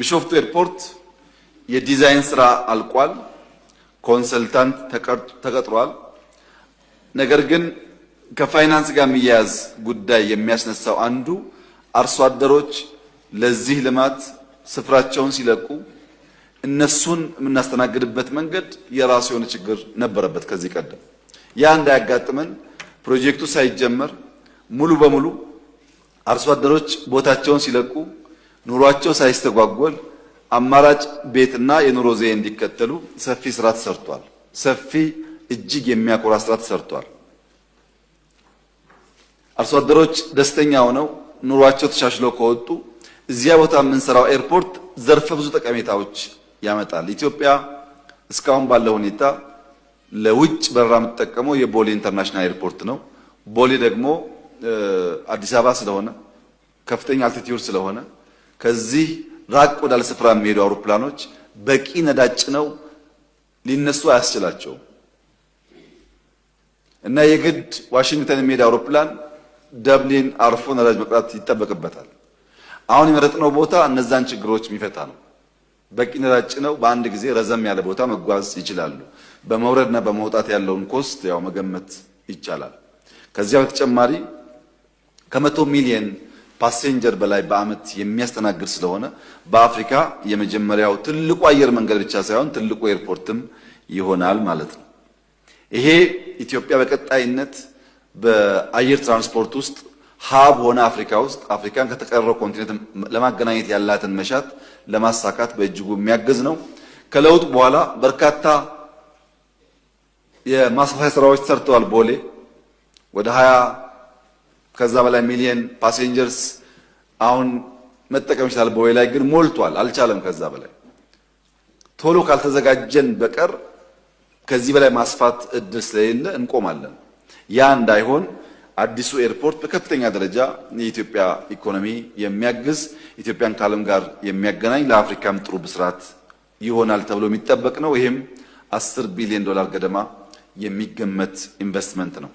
ቢሾፍቱ ኤርፖርት የዲዛይን ስራ አልቋል። ኮንሰልታንት ተቀጥሯል። ነገር ግን ከፋይናንስ ጋር የሚያያዝ ጉዳይ የሚያስነሳው አንዱ አርሶ አደሮች ለዚህ ልማት ስፍራቸውን ሲለቁ እነሱን የምናስተናግድበት መንገድ የራሱ የሆነ ችግር ነበረበት ከዚህ ቀደም። ያ እንዳያጋጥመን ፕሮጀክቱ ሳይጀመር ሙሉ በሙሉ አርሶ አደሮች ቦታቸውን ሲለቁ ኑሯቸው ሳይስተጓጎል አማራጭ ቤትና የኑሮ ዘዬ እንዲከተሉ ሰፊ ስራ ተሰርቷል። ሰፊ እጅግ የሚያኮራ ስራ ተሰርቷል። አርሶ አደሮች ደስተኛ ሆነው ኑሯቸው ተሻሽሎ ከወጡ እዚያ ቦታ የምንሰራው ኤርፖርት ዘርፈ ብዙ ጠቀሜታዎች ያመጣል። ኢትዮጵያ እስካሁን ባለው ሁኔታ ለውጭ በረራ የምትጠቀመው የቦሌ ኢንተርናሽናል ኤርፖርት ነው። ቦሌ ደግሞ አዲስ አበባ ስለሆነ ከፍተኛ አልቲቲዩድ ስለሆነ ከዚህ ራቅ ወዳለ ስፍራ የሚሄዱ አውሮፕላኖች በቂ ነዳጭ ነው ሊነሱ አያስችላቸውም እና የግድ ዋሽንግተን የሚሄድ አውሮፕላን ደብሊን አርፎ ነዳጅ መቅዳት ይጠበቅበታል። አሁን የመረጥነው ቦታ እነዛን ችግሮች የሚፈታ ነው። በቂ ነዳጭ ነው። በአንድ ጊዜ ረዘም ያለ ቦታ መጓዝ ይችላሉ። በመውረድና በመውጣት ያለውን ኮስት ያው መገመት ይቻላል። ከዚያ በተጨማሪ ከመቶ ሚሊየን ፓሴንጀር በላይ በአመት የሚያስተናግድ ስለሆነ በአፍሪካ የመጀመሪያው ትልቁ አየር መንገድ ብቻ ሳይሆን ትልቁ ኤርፖርትም ይሆናል ማለት ነው። ይሄ ኢትዮጵያ በቀጣይነት በአየር ትራንስፖርት ውስጥ ሀብ ሆነ አፍሪካ ውስጥ አፍሪካን ከተቀረው ኮንቲኔንት ለማገናኘት ያላትን መሻት ለማሳካት በእጅጉ የሚያግዝ ነው። ከለውጥ በኋላ በርካታ የማስፋፊያ ስራዎች ተሰርተዋል። ቦሌ ወደ 20 ከዛ በላይ ሚሊየን ፓሴንጀርስ አሁን መጠቀም ይችላል። በወይ ላይ ግን ሞልቷል፣ አልቻለም። ከዛ በላይ ቶሎ ካልተዘጋጀን በቀር ከዚህ በላይ ማስፋት እድል ስለሌለ እንቆማለን። ያ እንዳይሆን አዲሱ ኤርፖርት በከፍተኛ ደረጃ የኢትዮጵያ ኢኮኖሚ የሚያግዝ ኢትዮጵያን ከዓለም ጋር የሚያገናኝ ለአፍሪካም ጥሩ ብስራት ይሆናል ተብሎ የሚጠበቅ ነው። ይህም አስር ቢሊዮን ዶላር ገደማ የሚገመት ኢንቨስትመንት ነው።